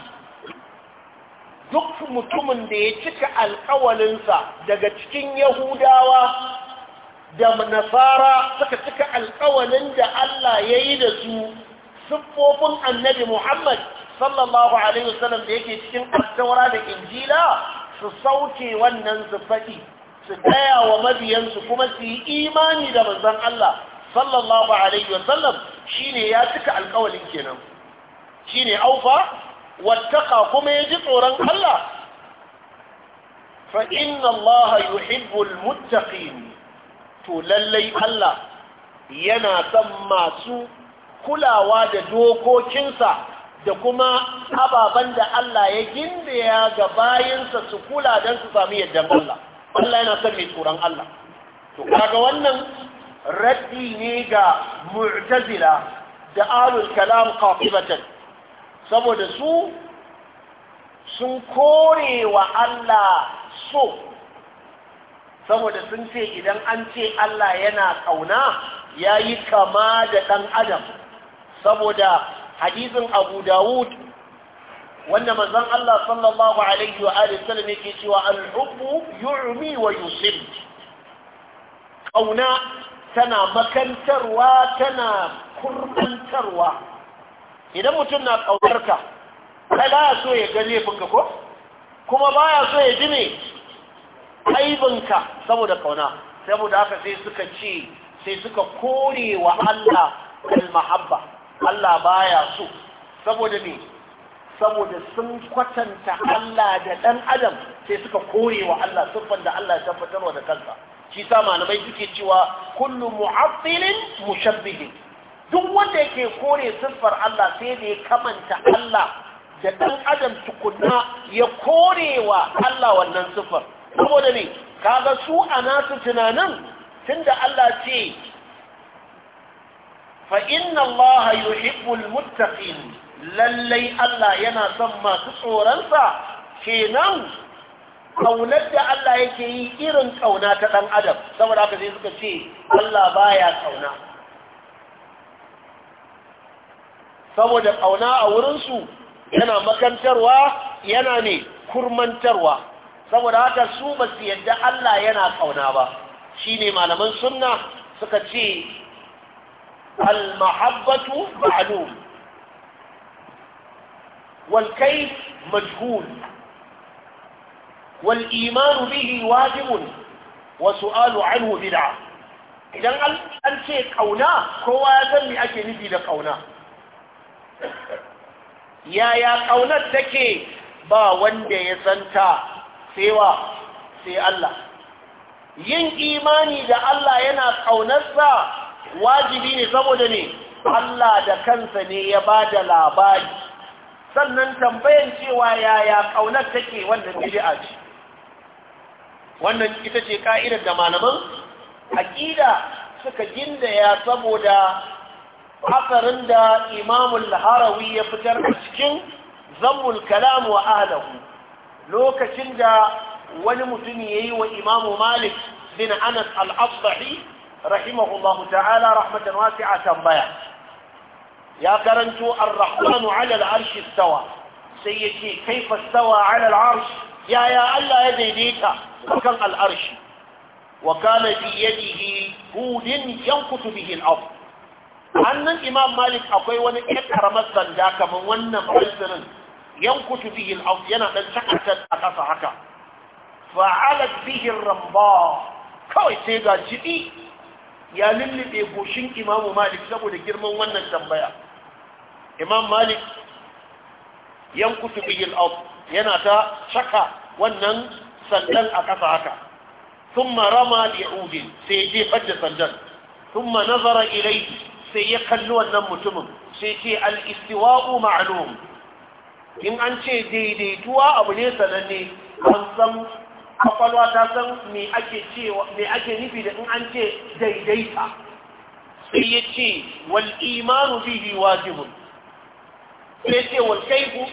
duk mutumin da ya cika alƙawalinsa daga cikin yahudawa da nasara suka cika alƙawalin da Allah ya yi da su siffofin annabi Muhammad sallallahu alaihi wasallam da yake cikin attaura da injila su sauke wannan su faɗi su taya wa mabiyansu kuma su yi imani da manzon Allah sallallahu alaihi wasallam ne ya cika alƙawalin kenan ne aufa wattaka kuma ya ji tsoron Allah fa inna Allah yuhibbul muttaqin to lallai Allah yana son masu kulawa da dokokinsa da kuma ababen da Allah ya gindaya ga bayansa su kula don su sami yaddan Allah Allah yana son mai tsoron Allah to kaga wannan raddi ne ga mu'tazila da alul kalam qatibatan saboda su sun kore wa Allah so saboda sun ce idan an ce Allah yana kauna yayi kama da ɗan adam saboda hadisin abu dawud wanda manzon Allah sallallahu alaihi wa alihi sallam yake cewa al-hubbu yu'mi wa yusib kauna tana makantarwa tana kurbantarwa idan mutum na kaunarka kada so ya gane fuka ko kuma baya so ya ji ne aibinka saboda kauna saboda haka sai suka ce sai suka kore wa Allah al-mahabba Allah baya so saboda ne saboda sun kwatanta Allah da ɗan adam sai suka kore wa Allah siffan da Allah ya tabbatarwa da kansa shi sa malamai suke cewa kullu mu'attilin mushabbihin duk wanda yake kore siffar Allah sai da ya kamanta Allah da ɗan adam tukunna ya kore wa Allah wannan siffar saboda ne kaga su a nasu tunanin tunda Allah ce fa inna allaha yuhibbul muttaqin lallai Allah yana son masu tsoronsa kenan kaunar da Allah yake yi irin kauna ta ɗan adam saboda haka sai suka ce Allah baya kauna saboda kauna a wurinsu yana makantarwa yana ne kurmantarwa saboda haka su ba su yadda Allah yana kauna ba shine malaman sunna suka ce المحبة معلوم والكيف مجهول والإيمان به واجب وسؤال عنه بدعة إذا أنت قونا هو يزن أجل نبي لقونا يا يا قونا تكي با وندي يسنتا سوى سي الله yin imani da Allah yana ƙaunarsa wajibi ne saboda ne Allah da kansa ne ya ba da labari sannan tambayan cewa yaya ƙaunar take wannan bid'a ce wannan ita ce ka'idar da malaman aƙida suka gindaya saboda hasarin da imamul harawi ya fitar a cikin zammul kalam wa ahlahu lokacin da wani mutum ya yi wa imamu malik bin anas al-asbahi rahimahullahu ta'ala rahmatan a tambaya ya karanto ar-rahmanu 'ala al-'arshi istawa sai yace kaifa istawa 'ala al-'arsh Allah ya daidaita kan al'arshi? Wakalabi wa kana bi yadihi hudin yankutu bihi al-ard imam malik akwai wani karamar sanda kaman wannan balsanin yankutu bihi al yana ɗan takatar a ƙasa haka fa'alat bihi ar-ramba kawai sai ga jibi ya lullube goshin imamu malik saboda girman wannan tambaya imam malik yankutu biyil ab yana ta shaka wannan sandan a kasa haka thumma rama li'udin sai ya jefar da sandan thumma nazara ilayhi sai ya kalli wannan mutumin sai ce al-istiwa'u in an ce daidaituwa abu ne sananne an san kwakwalwa ta san me ake nufi da in an ce daidaita sai ya ce wal imanu bihi wajibun sai ya ce wal kaifu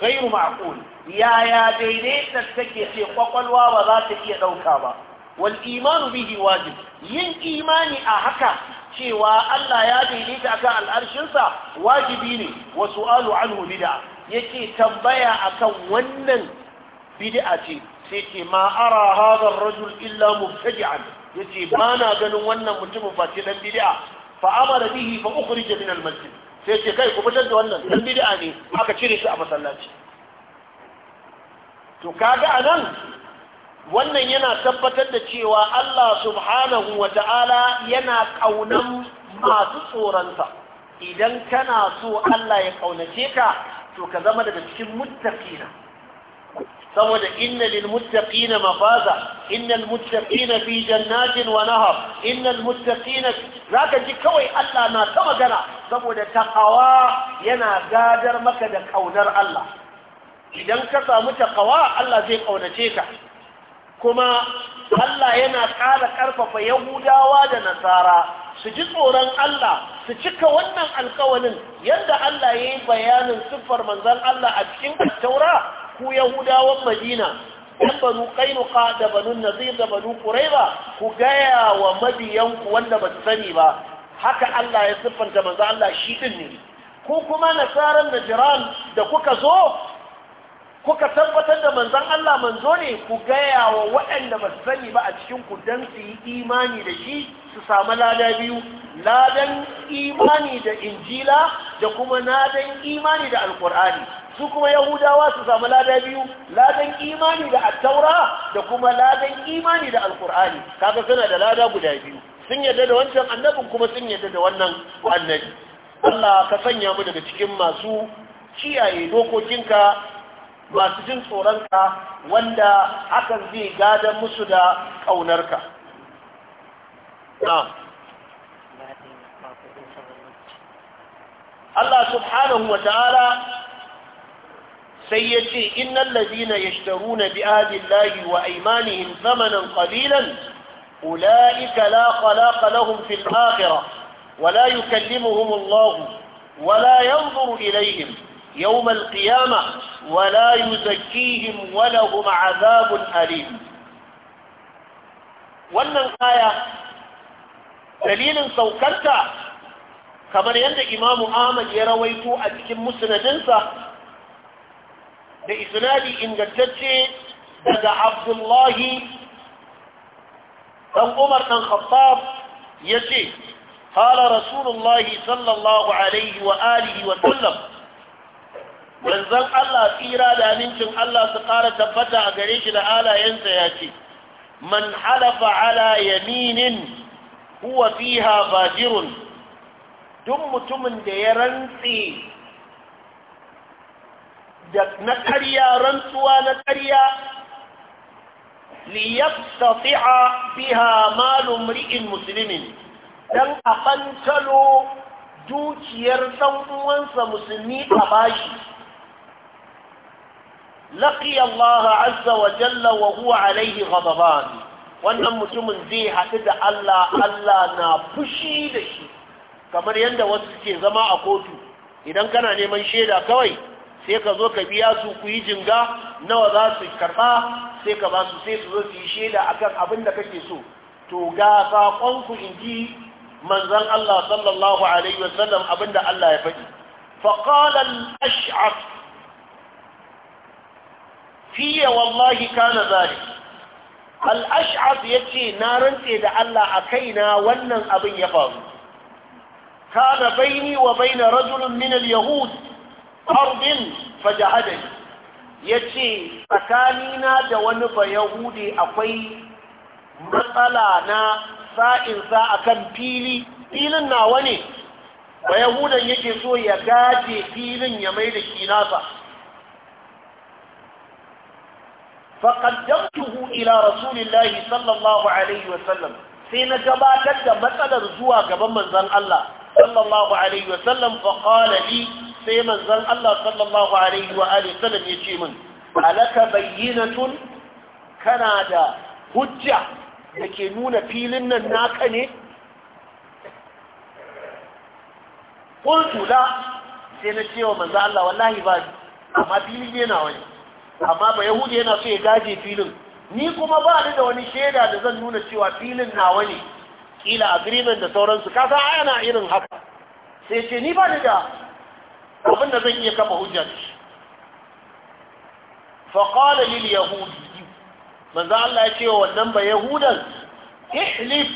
ghairu ma'qul yaya daidaita take ce kwakwalwa ba za ta iya ɗauka ba wal imanu bihi wajib yin imani a haka cewa Allah ya daidaita akan al'arshinsa wajibi ne wa su'alu anhu bid'a yake tambaya akan wannan bid'a ce sai ce ma ara hadar rajul illa mubtadi'an yace ba na ganin wannan mutumin face dan bid'a fa amara bihi fa ukhrija min al-masjid sai ce kai ku fitar da wannan dan bid'a ne aka cire shi a masallaci to kaga anan wannan yana tabbatar da cewa Allah subhanahu wa ta'ala yana kaunan masu tsoronsa idan kana so Allah ya kaunace ka to ka zama daga cikin muttaqina saboda inna lil muttaqina mafaza innal muttaqina fi jannatin wa nahar innal muttaqina zaka ji kawai Allah na ta magana saboda taqawa yana gadar maka da kaunar Allah idan ka samu taqawa Allah zai kaunace ka kuma Allah yana ƙara ƙarfafa Yahudawa da Nasara su ji tsoron Allah su cika wannan alƙawalin yadda Allah ya yi bayanin siffar manzon Allah a cikin Taura ku yahudawan madina ɗan banu kainuka da banu nazir da banu kuraiba ku gaya wa mabiyanku wanda ba su sani ba haka Allah ya siffanta manzo Allah shi din ne ku kuma nasaran najiran da kuka zo kuka tabbatar da manzon Allah manzo ne ku gaya wa waɗanda ba su sani ba a cikin ku don su yi imani da shi su samu lada biyu ladan imani da injila da kuma nadan imani da alkur'ani su kuma yahudawa su samu lada biyu ladan imani da attaura da kuma ladan imani da alkur'ani kaga suna da lada guda biyu sun yadda da wancan annabin kuma sun yadda da wannan annabi Allah ka sanya mu daga cikin masu kiyaye dokokinka masu jin tsoronka wanda hakan zai gadan musu da ƙaunarka Allah subhanahu wa ta'ala سيجي إن الذين يشترون بآد الله وأيمانهم ثمنا قليلا أولئك لا خلاق لهم في الآخرة ولا يكلمهم الله ولا ينظر إليهم يوم القيامة ولا يزكيهم ولهم عذاب أليم wannan aya dalilin saukarta kamar yadda imamu ahmad ya rawaito a da isnadi ingantacce daga abdullahi dan umar dan khattab ya ce hala rasulullahi sallallahu alaihi wa alihi wa sallam manzon Allah tsira da amincin Allah su ƙara tabbata a gare shi da halayensa ya ce man halafa ala yaminin huwa fiha fajirun duk mutumin da ya rantse da na ƙarya rantsuwa na ƙarya liyastati'a biha malu ri'in musulmin, dan a kankalo dukiyar dan musulmi a bashi laqiya Allah azza wa jalla wa huwa alaihi ghadaban wannan mutumin zai haɗu da Allah Allah na fushi da shi kamar yadda wasu suke zama a kotu idan kana neman shaida kawai sai ka zo ka biya su ku yi jinga nawa za su karɓa sai ka ba su sai su zo su yi shaida akan abin da kake so to ga saƙonku in ji manzan Allah sallallahu alaihi wasallam abin da Allah ya faɗi faƙalan ash'af fiye wallahi kana al al'ash'af ya ce na rantse da Allah a kaina wannan abin ya faru kana baini wa baina rajulun min al-yahud ardin fajahadani yace tsakanina da wani bayahudi akwai matsala na sa'in sa akan fili filin nawa ne bayahudan yake so ya gaje filin ya mai da kinasa faqaddamtuhu ila rasulillahi sallallahu alaihi wasallam sai na gabatar da matsalar zuwa gaban manzon Allah sallallahu alaihi wasallam fa qala sai manzan Allah sallallahu alaihi wa alihi sallam ya ce min alaka bayyinatun kana da hujja da ke nuna filin nan naka ne qultu da. sai na ce wa manzon Allah wallahi ba amma filin yana wani amma ba Yahudu yana so ya gaje filin ni kuma ba ni da wani shaida da zan nuna cewa filin na wani, kila agreement da sauransu ka san ana irin haka sai ce ni ba ni da abinda da zan iya kafa hujja da shi qala lil yahudi manzo Allah ya ce wa wannan ba yahudan ihlif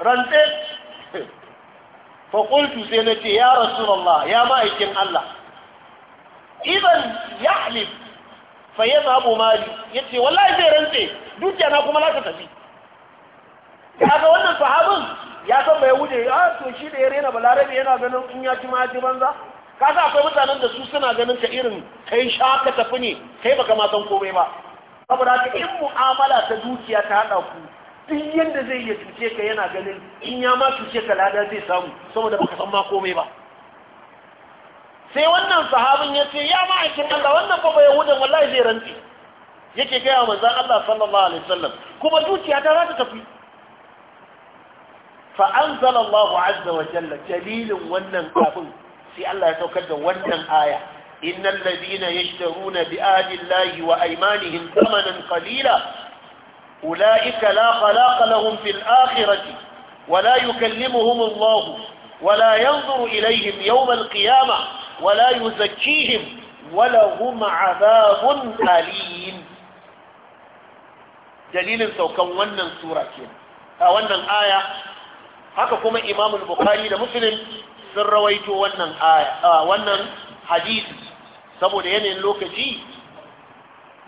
rantse qultu sai na ce ya rasulullah ya ma'aikin Allah idan yahlif fa ya zaɓo mali ya ce wallahi zai rantse dukiya na kuma za ta tafi kaga wannan sahabin ya san bai wuce ah to shi da ya rena balarabe yana ganin in ya ci ma ya ci banza ka sa akwai mutanen da su suna ganin ka irin kai sha ka tafi ne kai baka ma san komai ba saboda haka in mu'amala ta dukiya ta haɗa ku duk yadda zai iya cuce ka yana ganin in ya ma cuce ka lada zai samu saboda baka san ma komai ba sai wannan sahabin ya ce ya ma'aikin Allah wannan fa bai yahudan wallahi zai rantsi yake gaya wa manzon Allah sallallahu alaihi wasallam kuma dukiya ta za ta tafi fa anzala Allah azza wa jalla dalilin wannan kafin sai Allah ya saukar da wannan aya innal ladina yashtaruna bi ahdillahi wa aymanihim thamanan qalila ulaika la khalaqa lahum fil akhirati wa la yukallimuhum Allah wa la yanzuru ilayhim yawm al qiyamah wa la yuzakkihim wa lahum adhabun alim dalilin saukan wannan sura a wannan aya haka kuma imamul bukhari da muslim sun rawaito wannan wannan hadisi saboda yanayin lokaci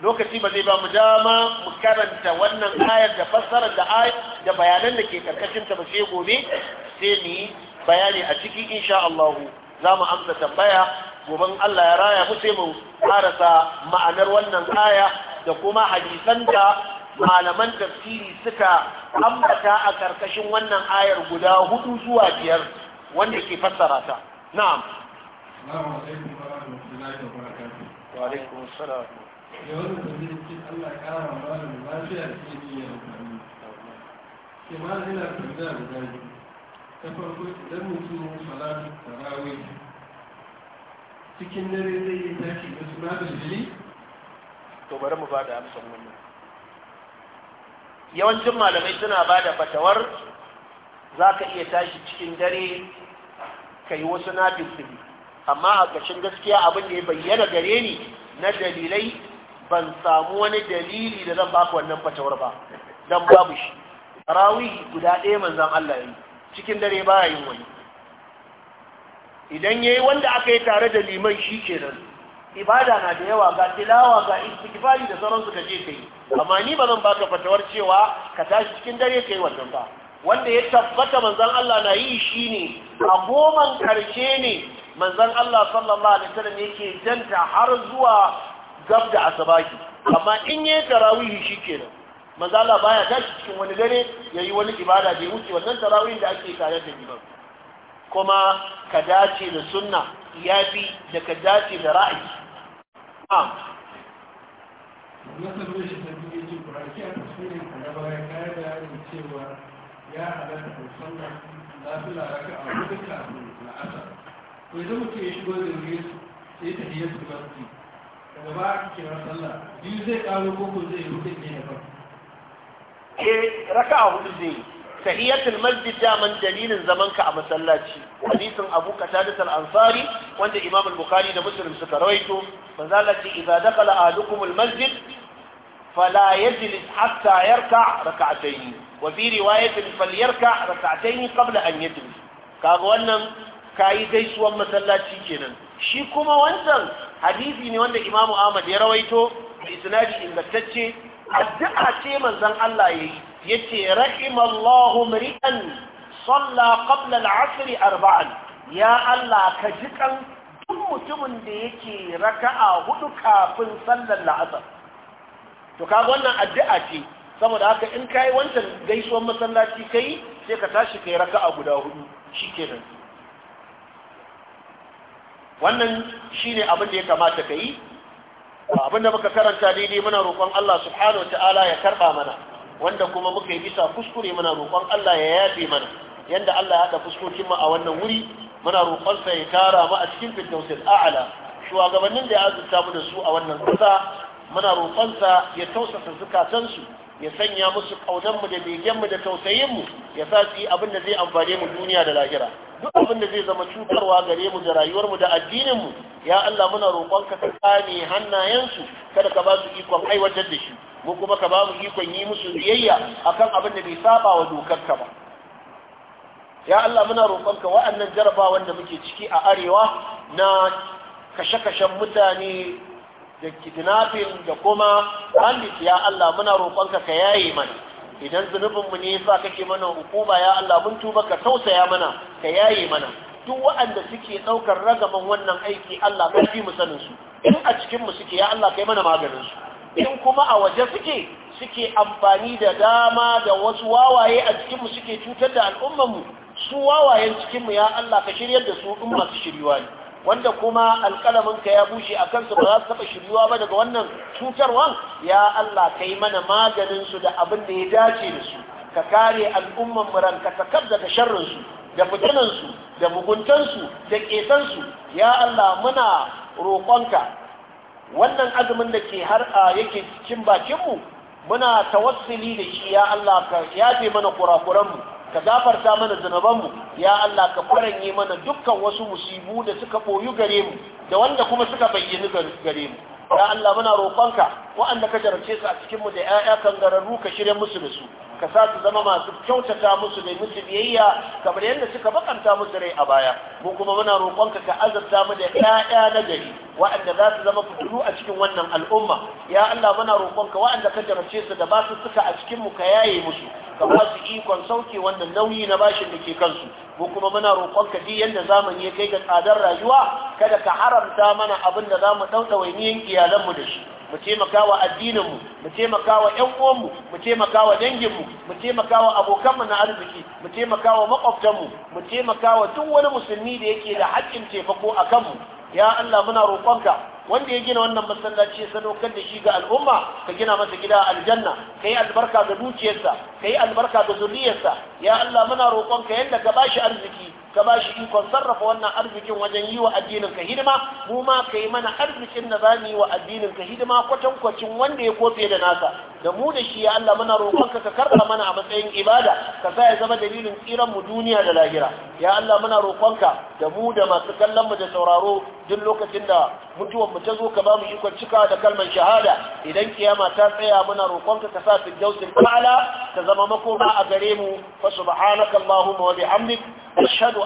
lokaci ba zai ba mu dama mu karanta wannan ayar da fassara da ayar da bayanan da ke karkashin ta ba sai gobe sai ni bayani a ciki insha Allah za mu amsa tambaya goben Allah ya raya mu sai mu karasa ma'anar wannan aya da kuma hadisan da malaman tafsiri suka ambata a karkashin wannan ayar guda hudu zuwa biyar wanda ke fassara ta na'am assalamu alaikum wa rahmatullahi wa barakatuh wa alaikum assalam yawon da zai ce Allah kara malam lafiya ke niyyar amfani ke ma ina tambaya da gani ta farko idan mutum salatu tarawih cikin dare zai yi tashi da suna da jiri to bari mu bada amsar wannan yawancin malamai suna ba da fatawar za ka iya tashi cikin dare kai wasu wasu nafisili amma a ƙashin gaskiya abin da ya bayyana gare ni na dalilai ban samu wani dalili da zan baku wannan fatawar ba don babu shi rawi guda ɗaya manzan Allah yi cikin dare ba yin wani idan ya yi wanda aka yi tare da liman shi kenan ibada na da yawa ga tilawa ga istikifari da sauransu ka je kai amma ni ba zan baka fatawar cewa ka tashi cikin dare kai wannan ba wanda ya tabbata manzan Allah na yi shi ne a goman karshe ne manzan Allah sallallahu alaihi wasallam yake janta har zuwa gab da asabaki amma in yi tarawihi shi kenan manzan Allah baya tashi cikin wani dare ya yi wani ibada da ya wuce wannan tarawihin da ake tare da imam kuma ka dace da sunna yafi da ka dace da ra'ayi nafila raka a da hudu zai tahiyatul masjid daman dalilin zaman ka a masallaci hadisin Abu Qatadah al-Ansari wanda Imam al-Bukhari da Muslim suka rawaito manzo ce idza dakala ahadukum al-masjid فلا يجلس حتى يركع ركعتين وفي رواية فليركع ركعتين قبل أن يجلس كاغوانا كاي جيش ومسلا تيجينا شي كما وانسان حديثي ني وانا إمام آمد يرويتو بإسناد إن تتشي الدعاء تيما زن الله يهي يتي رحم الله مريئا صلى قبل العصر أربعا يا الله كجكا دم متمن ديكي ركعة هدو كافن صلى العصر to kaga wannan addu'a ce saboda haka in kai wancan gaisuwar masallaci kai sai ka tashi kai raka'a guda hudu shikenan wannan shine abin da ya kamata ka yi abin da muka karanta daidai muna roƙon Allah subhanahu wa ta'ala ya karba mana wanda kuma muka yi bisa kuskure muna roƙon Allah ya yafe mana yanda Allah ya haɗa fuskokin mu a wannan wuri muna roƙon sa ya tara mu a cikin firdausil a'la shugabannin da ya azurta mu da su a wannan ƙasa muna roƙonsa ya tausasa zukatansu ya sanya musu ƙaunanmu da begenmu da tausayinmu ya sa su yi abin da zai amfane mu duniya da lahira duk abin da zai zama cutarwa gare mu da rayuwarmu da addininmu ya Allah muna roƙonka ka tsane hannayensu kada ka ba su ikon aiwatar da shi mu kuma ka ba mu ikon yi musu biyayya akan abin da bai saba wa dokarka ba ya Allah muna roƙonka wa'annan jarabawan da muke ciki a arewa na kashe-kashen mutane da kidnapping da kuma bandit ya Allah muna roƙonka ka yaye mana idan zunubinmu ne yasa kake mana hukuma ya Allah mun tuba ka tausaya mana ka yaye mana duk waɗanda suke ɗaukar ragaman wannan aiki Allah ka fi mu sanin su in a cikin mu suke ya Allah kai mana maganin su in kuma a waje suke suke amfani da dama da wasu wawaye a cikin mu suke cutar da al'ummar mu su wawayen cikin mu ya Allah ka shiryar da su in masu shiryuwa ne wanda kuma ka ya bushe a kansu ba za su taɓa shiryuwa ba daga wannan cutarwan ya Allah ka yi mana maganinsu da abin da ya dace da su ka kare al'umman muran ka takar ka sharrinsu da fitinansu da muguntansu da ƙetansu ya Allah muna roƙonka wannan azumin da ke har a yake cikin bakinmu muna tawassuli da shi ya Allah ka yafe mana kurakuranmu ka gafarta mana mu. ya Allah ka faranye mana dukkan wasu musibu da suka boyu gare mu da wanda kuma suka bayyana gare mu ya Allah muna roƙonka wa'anda ka jarabce su a cikin mu da ƴaƴa kangararru ka shirya musu da su ka sa su zama masu kyautata musu da musu biyayya kamar yadda suka bakanta musu rai a baya mu kuma muna roƙonka ka azabta mu da ƴaƴa na gari wa'anda za su zama fitilu a cikin wannan al'umma ya Allah muna roƙonka wa'anda ka jarabce su da ba su suka a cikin mu ka yaye musu ka ba su ikon sauke wannan nauyi na bashin da ke kansu mu kuma muna roƙonka duk yadda zamani ya kai ga tsadar rayuwa kada ka haramta mana abin da za mu ɗauɗa wainiyan iyalanmu da shi mu taimakawa addininmu mu taimakawa yan uwanmu mu taimakawa danginmu mu taimakawa abokanmu na arziki mu taimakawa makwabtanmu mu taimakawa duk wani musulmi da yake da haƙƙin taimako a kanmu ya Allah muna roƙonka wanda ya gina wannan masallaci ya sadaukar da shi ga al'umma ka gina masa gida aljanna ka yi albarka ga dukiyarsa ka yi albarka ga zuriyarsa ya Allah muna roƙonka yadda ka bashi arziki ka ba shi ikon sarrafa wannan arzikin wajen yi wa addinin ka hidima mu ma ka yi mana arzikin da za mu yi wa addinin ka hidima kwatankwacin wanda ya kofe da nasa da mu da shi ya Allah muna roƙonka ka karɓa mana a matsayin ibada ka sa ya zama dalilin tsiran mu duniya da lahira ya Allah muna roƙonka da mu da masu kallon mu da sauraro duk lokacin da mutuwan mu ta zo ka ba mu ikon cika da kalmar shahada idan kiyama ta tsaya muna roƙonka ka sa firdausul ta'ala ta zama makoma a gare mu fa subhanakallahumma wa bihamdik ashhadu